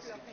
voici.